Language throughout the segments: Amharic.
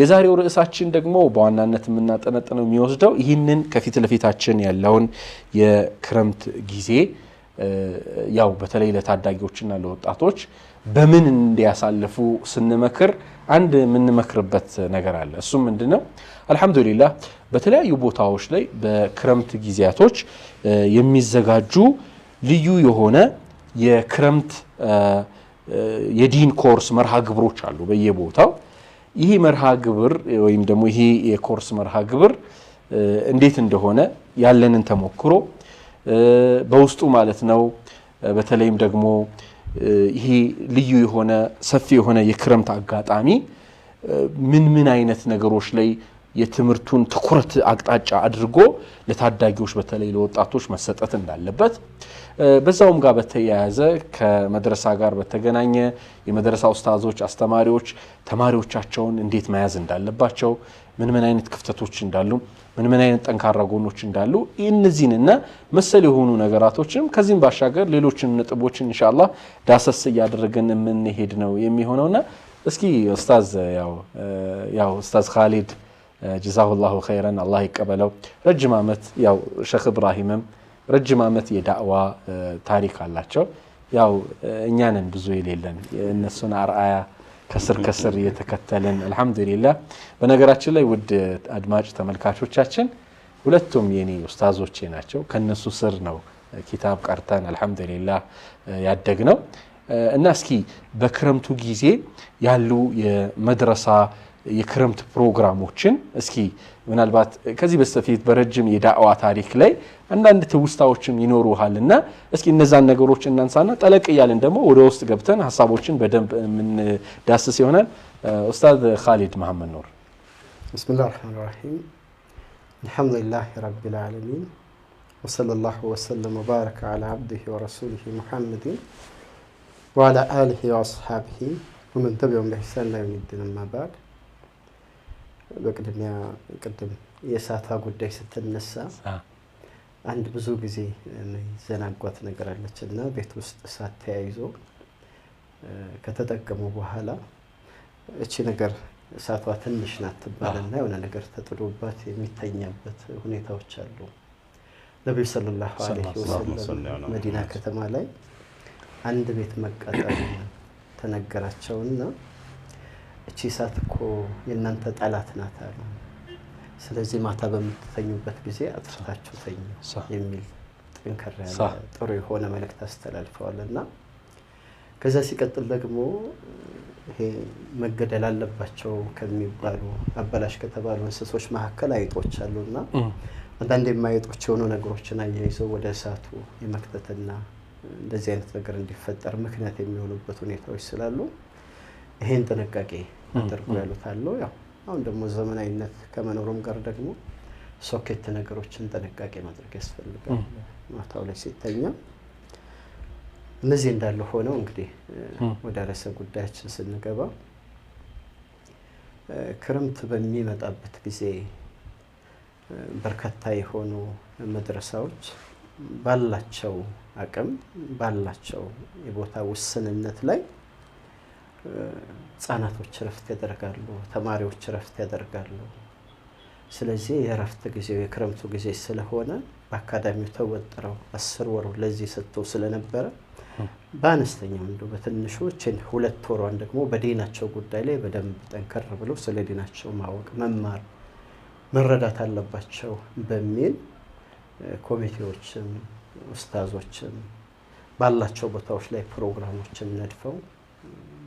የዛሬው ርዕሳችን ደግሞ በዋናነት የምናጠነጥነው የሚወስደው ይህንን ከፊት ለፊታችን ያለውን የክረምት ጊዜ ያው በተለይ ለታዳጊዎችና ለወጣቶች በምን እንዲያሳልፉ ስንመክር አንድ የምንመክርበት ነገር አለ። እሱም ምንድን ነው? አልሐምዱሊላህ በተለያዩ ቦታዎች ላይ በክረምት ጊዜያቶች የሚዘጋጁ ልዩ የሆነ የክረምት የዲን ኮርስ መርሃ ግብሮች አሉ በየቦታው ይህ መርሃ ግብር ወይም ደግሞ ይሄ የኮርስ መርሃ ግብር እንዴት እንደሆነ ያለንን ተሞክሮ በውስጡ ማለት ነው። በተለይም ደግሞ ይሄ ልዩ የሆነ ሰፊ የሆነ የክረምት አጋጣሚ ምን ምን አይነት ነገሮች ላይ የትምህርቱን ትኩረት አቅጣጫ አድርጎ ለታዳጊዎች በተለይ ለወጣቶች መሰጠት እንዳለበት በዛውም ጋር በተያያዘ ከመድረሳ ጋር በተገናኘ የመድረሳ ኡስታዞች፣ አስተማሪዎች ተማሪዎቻቸውን እንዴት መያዝ እንዳለባቸው ምን ምን አይነት ክፍተቶች እንዳሉ ምን ምን አይነት ጠንካራ ጎኖች እንዳሉ እነዚህንና መሰል የሆኑ ነገራቶችንም ከዚህም ባሻገር ሌሎችን ነጥቦችን እንሻላ ዳሰስ እያደረገን የምንሄድ ነው የሚሆነውና እስኪ ኡስታዝ ያው ኡስታዝ ካሊድ ጀዛሁላሁ ኸይረን አላህ ይቀበለው። ረጅም ዓመት ያው ሸክ እብራሂምም ረጅም ዓመት የዳዕዋ ታሪክ አላቸው። ያው እኛንን ብዙ የሌለን እነሱን አርአያ ከስር ከስር እየተከተልን አልሐምዱሊላህ። በነገራችን ላይ ውድ አድማጭ ተመልካቾቻችን ሁለቱም የኔ ኡስታዞቼ ናቸው። ከነሱ ስር ነው ኪታብ ቀርተን አልሐምዱሊላህ ያደግ ነው እና እስኪ በክረምቱ ጊዜ ያሉ የመድረሳ የክረምት ፕሮግራሞችን እስኪ ምናልባት ከዚህ በስተፊት በረጅም የዳዕዋ ታሪክ ላይ አንዳንድ ትውስታዎችም ይኖሩሃልና እስኪ እነዛን ነገሮች እናንሳና ጠለቅ እያልን ደግሞ ወደ ውስጥ ገብተን ሀሳቦችን በደንብ የምንዳስስ ይሆናል። ኡስታዝ ካሊድ መሐመድ ኑር። ብስሚላህ ረሕማን ረሒም አልሐምዱሊላህ ረቢል ዓለሚን ወሰለላሁ ወሰለም ወባረከ ዓላ ዓብዲሂ ወረሱሊሂ ሙሐመድን ወዓላ አሊሂ ወአስሓቢሂ ወመን ተቢዐሁም ቢኢሕሳን ኢላ የውሚዲን አማ ባዕድ በቅድሚያ ቅድም የእሳቷ ጉዳይ ስትነሳ አንድ ብዙ ጊዜ ዘናጓት ነገር አለች እና ቤት ውስጥ እሳት ተያይዞ ከተጠቀሙ በኋላ እቺ ነገር እሳቷ ትንሽ ናት ትባልና የሆነ ነገር ተጥሎባት የሚተኛበት ሁኔታዎች አሉ። ነቢዩ ሰለላሁ ዐለይሂ ወሰለም መዲና ከተማ ላይ አንድ ቤት መቃጠል ተነገራቸውና እቺ እሳት እኮ የእናንተ ጠላት ናት አሉ። ስለዚህ ማታ በምትተኙበት ጊዜ አጥፍታችሁ ተኙ የሚል ጠንከር ያለ ጥሩ የሆነ መልእክት አስተላልፈዋል እና ከዛ ሲቀጥል ደግሞ ይሄ መገደል አለባቸው ከሚባሉ አበላሽ ከተባሉ እንስሶች መካከል አይጦች እና አንዳንድ የማይጦች የሆኑ ነገሮችን አያይዘው ወደ እሳቱ የመክተትና እንደዚህ አይነት ነገር እንዲፈጠር ምክንያት የሚሆኑበት ሁኔታዎች ስላሉ ይሄን ጥንቃቄ አድርጉ ያሉት አለው። ያው አሁን ደግሞ ዘመናዊነት ከመኖሩም ጋር ደግሞ ሶኬት ነገሮችን ጥንቃቄ ማድረግ ያስፈልጋል። ማታው ላይ ሲተኛ እነዚህ እንዳለ ሆነው እንግዲህ ወደ ርዕሰ ጉዳያችን ስንገባ ክረምት በሚመጣበት ጊዜ በርካታ የሆኑ መድረሳዎች ባላቸው አቅም ባላቸው የቦታ ውስንነት ላይ ህጻናቶች እረፍት ያደርጋሉ፣ ተማሪዎች እረፍት ያደርጋሉ። ስለዚህ የእረፍት ጊዜው የክረምቱ ጊዜ ስለሆነ በአካዳሚው ተወጥረው አስር ወሩ ለዚህ ሰጥተው ስለነበረ በአነስተኛው እንዶ በትንሹ ይህችን ሁለት ወሯን ደግሞ በዲናቸው ጉዳይ ላይ በደንብ ጠንከር ብለው ስለ ዲናቸው ማወቅ መማር መረዳት አለባቸው በሚል ኮሚቴዎችም ኡስታዞችም ባላቸው ቦታዎች ላይ ፕሮግራሞችን ነድፈው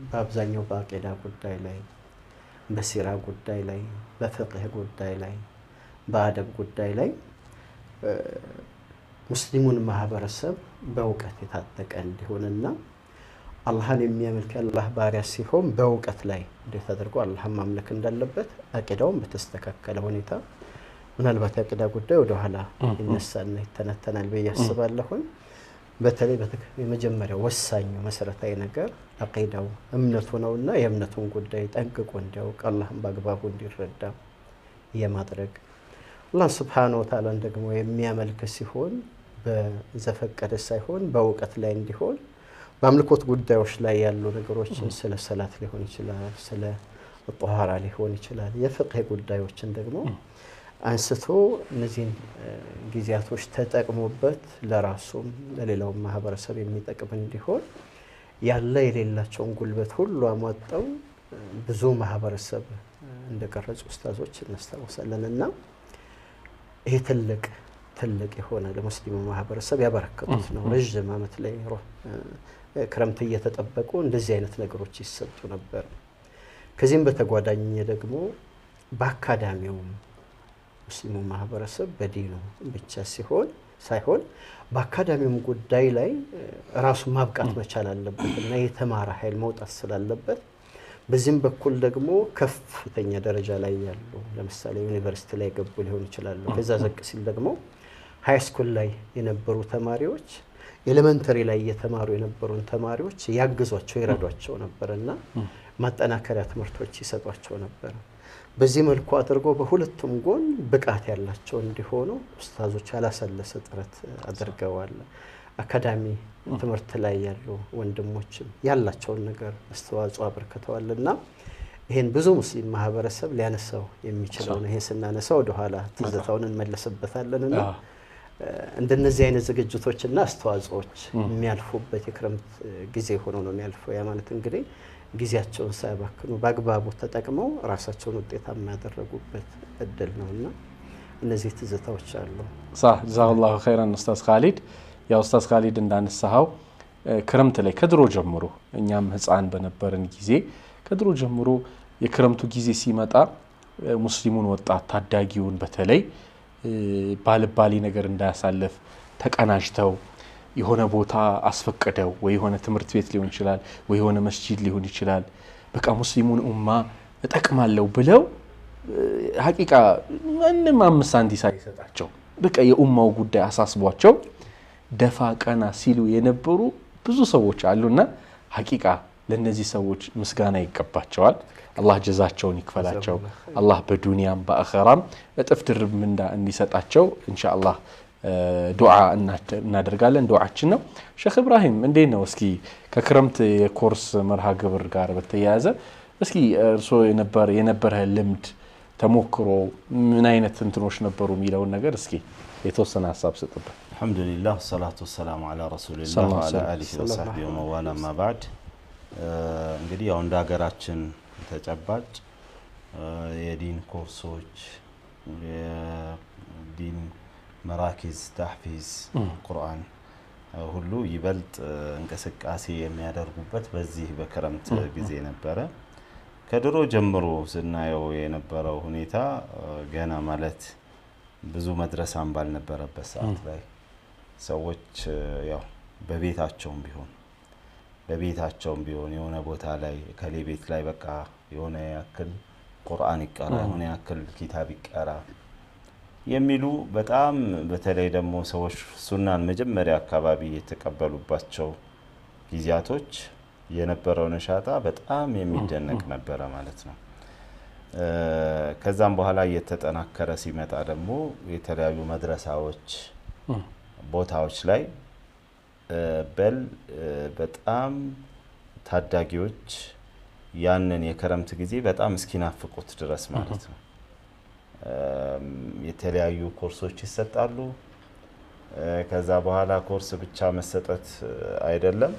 በአብዛኛው በአቂዳ ጉዳይ ላይ፣ በሲራ ጉዳይ ላይ፣ በፍቅህ ጉዳይ ላይ፣ በአደብ ጉዳይ ላይ ሙስሊሙን ማህበረሰብ በእውቀት የታጠቀ እንዲሆንና አላህን የሚያመልክ አላህ ባሪያ ሲሆን በእውቀት ላይ እንዴት አድርጎ አላህን ማምለክ እንዳለበት አቂዳውን በተስተካከለ ሁኔታ ምናልባት የአቂዳ ጉዳይ ወደኋላ ይነሳና ይተነተናል ብዬ አስባለሁኝ። በተለይ የመጀመሪያው ወሳኙ መሰረታዊ ነገር አቂዳው እምነቱ ነውና የእምነቱን ጉዳይ ጠንቅቆ እንዲያውቅ አላህን በአግባቡ እንዲረዳ የማድረግ አላህን ስብሓነ ወተዓላን ደግሞ የሚያመልክ ሲሆን በዘፈቀደ ሳይሆን በእውቀት ላይ እንዲሆን በአምልኮት ጉዳዮች ላይ ያሉ ነገሮችን ስለ ሰላት ሊሆን ይችላል፣ ስለ ጦሃራ ሊሆን ይችላል። የፍቅህ ጉዳዮችን ደግሞ አንስቶ እነዚህን ጊዜያቶች ተጠቅሞበት ለራሱም ለሌላውም ማህበረሰብ የሚጠቅም እንዲሆን ያለ የሌላቸውን ጉልበት ሁሉ አሟጠው ብዙ ማህበረሰብ እንደቀረጹ ኡስታዞች እናስታውሳለን። እና ይሄ ትልቅ ትልቅ የሆነ ለሙስሊሙ ማህበረሰብ ያበረከቱት ነው። ረዥም ዓመት ላይ ክረምት እየተጠበቁ እንደዚህ አይነት ነገሮች ይሰጡ ነበር። ከዚህም በተጓዳኝ ደግሞ በአካዳሚውም ሙስሊሙ ማህበረሰብ በዲኑ ብቻ ሲሆን ሳይሆን በአካዳሚውም ጉዳይ ላይ ራሱን ማብቃት መቻል አለበት እና የተማረ ኃይል መውጣት ስላለበት በዚህም በኩል ደግሞ ከፍተኛ ደረጃ ላይ ያሉ ለምሳሌ ዩኒቨርሲቲ ላይ ገቡ ሊሆን ይችላሉ። ከዛ ዘቅ ሲል ደግሞ ሀይ ስኩል ላይ የነበሩ ተማሪዎች ኤሌመንተሪ ላይ እየተማሩ የነበሩን ተማሪዎች ያግዟቸው፣ ይረዷቸው ነበር እና ማጠናከሪያ ትምህርቶች ይሰጧቸው ነበር። በዚህ መልኩ አድርጎ በሁለቱም ጎን ብቃት ያላቸው እንዲሆኑ ኡስታዞች ያላሰለሰ ጥረት አድርገዋል። አካዳሚ ትምህርት ላይ ያሉ ወንድሞችም ያላቸውን ነገር አስተዋጽኦ አበርክተዋል እና ይህን ብዙ ሙስሊም ማህበረሰብ ሊያነሳው የሚችለው ነው። ይህን ስናነሳ ወደኋላ ትዝታውን እንመለስበታለን እና እንደነዚህ አይነት ዝግጅቶችና አስተዋጽኦዎች የሚያልፉበት የክረምት ጊዜ ሆኖ ነው የሚያልፈው። ያ ማለት እንግዲህ ጊዜያቸውን ሳያባክኑ በአግባቡ ተጠቅመው ራሳቸውን ውጤታማ የሚያደረጉበት እድል እና እነዚህ ትዝታዎች አሉ። ጀዛሁላሁ ኸይረን ኡስታዝ ካሊድ። ያው ኡስታዝ ካሊድ እንዳነሳኸው ክረምት ላይ ከድሮ ጀምሮ እኛም ህፃን በነበረን ጊዜ ከድሮ ጀምሮ የክረምቱ ጊዜ ሲመጣ ሙስሊሙን ወጣት ታዳጊውን በተለይ ባልባሌ ነገር እንዳያሳልፍ ተቀናጅተው የሆነ ቦታ አስፈቀደው ወይ የሆነ ትምህርት ቤት ሊሆን ይችላል ወይ የሆነ መስጂድ ሊሆን ይችላል። በቃ ሙስሊሙን ኡማ እጠቅማለሁ ብለው ሀቂቃ ማንም አምስት ሳንቲም ይሰጣቸው በቃ የኡማው ጉዳይ አሳስቧቸው ደፋ ቀና ሲሉ የነበሩ ብዙ ሰዎች አሉና ሀቂቃ ለእነዚህ ሰዎች ምስጋና ይገባቸዋል። አላህ ጀዛቸውን ይክፈላቸው። አላህ በዱንያም በአኸራም እጥፍ ድርብ ምንዳ እንዲሰጣቸው እንሻ አላህ ዱዓ እናደርጋለን። ዱዓችን ነው። ሸክ ኢብራሂም እንዴ ነው? እስኪ ከክረምት የኮርስ መርሃ ግብር ጋር በተያያዘ እስኪ እርስዎ የነበረ ልምድ ተሞክሮ ምን አይነት እንትኖች ነበሩ የሚለውን ነገር እስኪ የተወሰነ ሀሳብ ስጥበት። አልሐምዱሊላህ ሰላቱ ወሰላሙ አላ ረሱሊላህ ወአላ አሊሂ እንግዲህ ያው እንደ ሀገራችን ተጨባጭ የዲን ኮርሶች የዲን መራኪዝ ታሕፊዝ ቁርአን ሁሉ ይበልጥ እንቅስቃሴ የሚያደርጉበት በዚህ በክረምት ጊዜ ነበረ። ከድሮ ጀምሮ ስናየው የነበረው ሁኔታ ገና ማለት ብዙ መድረሳም ባልነበረበት ሰዓት ላይ ሰዎች ያው በቤታቸውም ቢሆን በቤታቸውም ቢሆን የሆነ ቦታ ላይ ከሌ ቤት ላይ በቃ የሆነ ያክል ቁርአን ይቀራ የሆነ ያክል ኪታብ ይቀራ የሚሉ በጣም በተለይ ደግሞ ሰዎች ሱናን መጀመሪያ አካባቢ የተቀበሉባቸው ጊዜያቶች የነበረውን እሻጣ በጣም የሚደነቅ ነበረ ማለት ነው። ከዛም በኋላ እየተጠናከረ ሲመጣ ደግሞ የተለያዩ መድረሳዎች፣ ቦታዎች ላይ በል በጣም ታዳጊዎች ያንን የክረምት ጊዜ በጣም እስኪናፍቁት ድረስ ማለት ነው የተለያዩ ኮርሶች ይሰጣሉ። ከዛ በኋላ ኮርስ ብቻ መሰጠት አይደለም።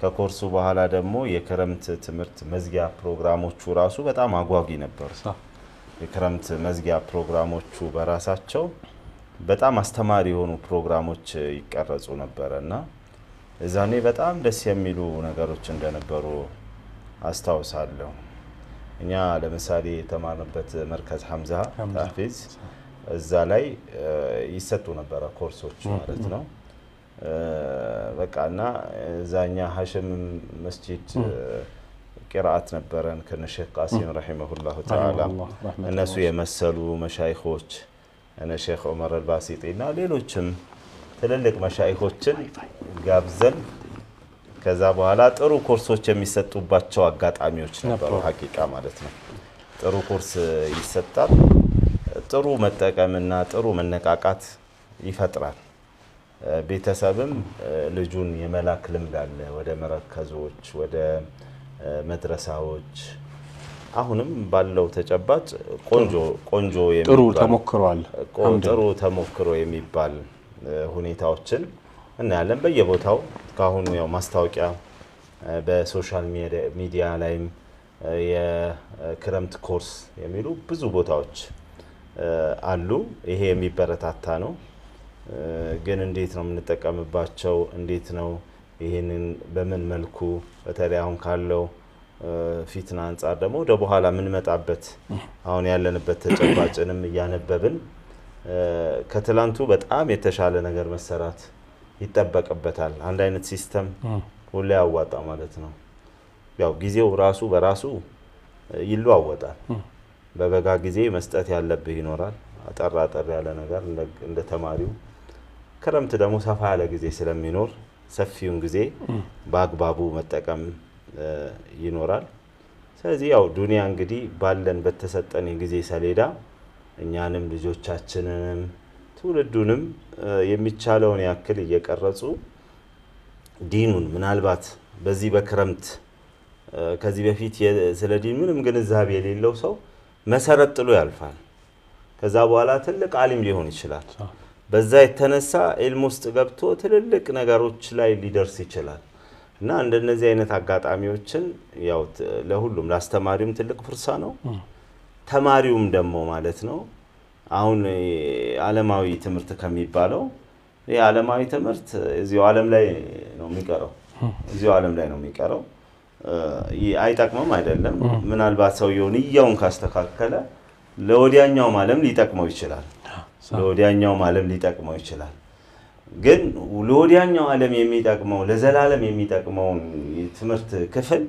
ከኮርሱ በኋላ ደግሞ የክረምት ትምህርት መዝጊያ ፕሮግራሞቹ ራሱ በጣም አጓጊ ነበር የክረምት መዝጊያ ፕሮግራሞቹ በራሳቸው በጣም አስተማሪ የሆኑ ፕሮግራሞች ይቀረጹ ነበረ እና እዛኔ በጣም ደስ የሚሉ ነገሮች እንደነበሩ አስታውሳለሁ። እኛ ለምሳሌ የተማርንበት መርከዝ ሀምዛ ታፊዝ እዛ ላይ ይሰጡ ነበረ ኮርሶች ማለት ነው። በቃ እና እዛኛ ሀሽም መስጂድ ቂራአት ነበረን ከነሼክ ቃሲም ረሒመሁላሁ ተዓላ እነሱ የመሰሉ መሻይኮች እነ ሼክ ዑመር አልባሲጢ እና ሌሎችም ትልልቅ መሻይኮችን ጋብዘን ከዛ በኋላ ጥሩ ኮርሶች የሚሰጡባቸው አጋጣሚዎች ነበሩ። ሀቂቃ ማለት ነው። ጥሩ ኮርስ ይሰጣል። ጥሩ መጠቀምና ጥሩ መነቃቃት ይፈጥራል። ቤተሰብም ልጁን የመላክ ልምድ አለ ወደ መረከዞች፣ ወደ መድረሳዎች። አሁንም ባለው ተጨባጭ ቆንጆ ቆንጆ ጥሩ ተሞክሮ የሚባል ሁኔታዎችን እናያለን በየቦታው ከአሁኑ ያው ማስታወቂያ በሶሻል ሚዲያ ላይም የክረምት ኮርስ የሚሉ ብዙ ቦታዎች አሉ። ይሄ የሚበረታታ ነው። ግን እንዴት ነው የምንጠቀምባቸው? እንዴት ነው ይህንን በምን መልኩ በተለይ አሁን ካለው ፊትና አንጻር ደግሞ ወደ በኋላ የምንመጣበት አሁን ያለንበት ተጨባጭንም እያነበብን ከትላንቱ በጣም የተሻለ ነገር መሰራት ይጠበቅበታል። አንድ አይነት ሲስተም ሁሌ ያዋጣ ማለት ነው። ያው ጊዜው ራሱ በራሱ ይለዋወጣል። በበጋ ጊዜ መስጠት ያለብህ ይኖራል፣ አጠር አጠር ያለ ነገር እንደ ተማሪው። ክረምት ደግሞ ሰፋ ያለ ጊዜ ስለሚኖር ሰፊውን ጊዜ በአግባቡ መጠቀም ይኖራል። ስለዚህ ያው ዱኒያ እንግዲህ ባለን በተሰጠን የጊዜ ሰሌዳ እኛንም ልጆቻችንንም ትውልዱንም የሚቻለውን ያክል እየቀረጹ ዲኑን ምናልባት በዚህ በክረምት ከዚህ በፊት ስለ ዲን ምንም ግንዛቤ የሌለው ሰው መሰረት ጥሎ ያልፋል። ከዛ በኋላ ትልቅ አሊም ሊሆን ይችላል። በዛ የተነሳ ኢልም ውስጥ ገብቶ ትልልቅ ነገሮች ላይ ሊደርስ ይችላል። እና እንደነዚህ አይነት አጋጣሚዎችን ያው ለሁሉም ለአስተማሪውም ትልቅ ፍርሳ ነው፣ ተማሪውም ደግሞ ማለት ነው አሁን ዓለማዊ ትምህርት ከሚባለው ይህ ዓለማዊ ትምህርት እዚሁ ዓለም ላይ ነው የሚቀረው፣ እዚሁ ዓለም ላይ ነው የሚቀረው። አይጠቅምም አይደለም። ምናልባት ሰውየው እያውን ካስተካከለ ለወዲያኛውም ዓለም ሊጠቅመው ይችላል፣ ለወዲያኛውም ዓለም ሊጠቅመው ይችላል። ግን ለወዲያኛው ዓለም የሚጠቅመው ለዘላለም የሚጠቅመውን ትምህርት ክፍል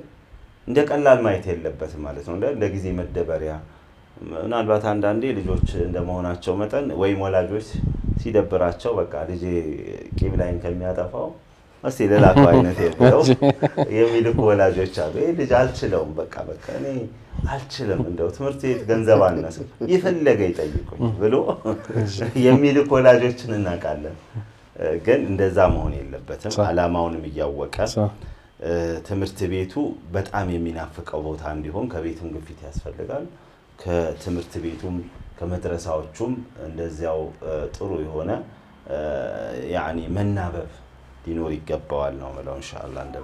እንደ ቀላል ማየት የለበትም ማለት ነው እንደ ጊዜ መደበሪያ ምናልባት አንዳንዴ ልጆች እንደመሆናቸው መጠን ወይም ወላጆች ሲደብራቸው በቃ ልጄ ቂም ላይን ከሚያጠፋው እስቲ ልላከው አይነት የለው የሚልኩ ወላጆች አሉ። ይህ ልጅ አልችለውም፣ በቃ በቃ እኔ አልችልም፣ እንደው ትምህርት ቤት ገንዘብ አነስ ይፈለገ ይጠይቁኝ ብሎ የሚልኩ ወላጆችን እናውቃለን። ግን እንደዛ መሆን የለበትም። አላማውንም እያወቀ ትምህርት ቤቱ በጣም የሚናፍቀው ቦታ እንዲሆን ከቤትም ግፊት ያስፈልጋል። ከትምህርት ቤቱም ከመድረሳዎቹም እንደዚያው ጥሩ የሆነ ያኒ መናበብ ሊኖር ይገባዋል ነው ምለው። እንሻላ እንደ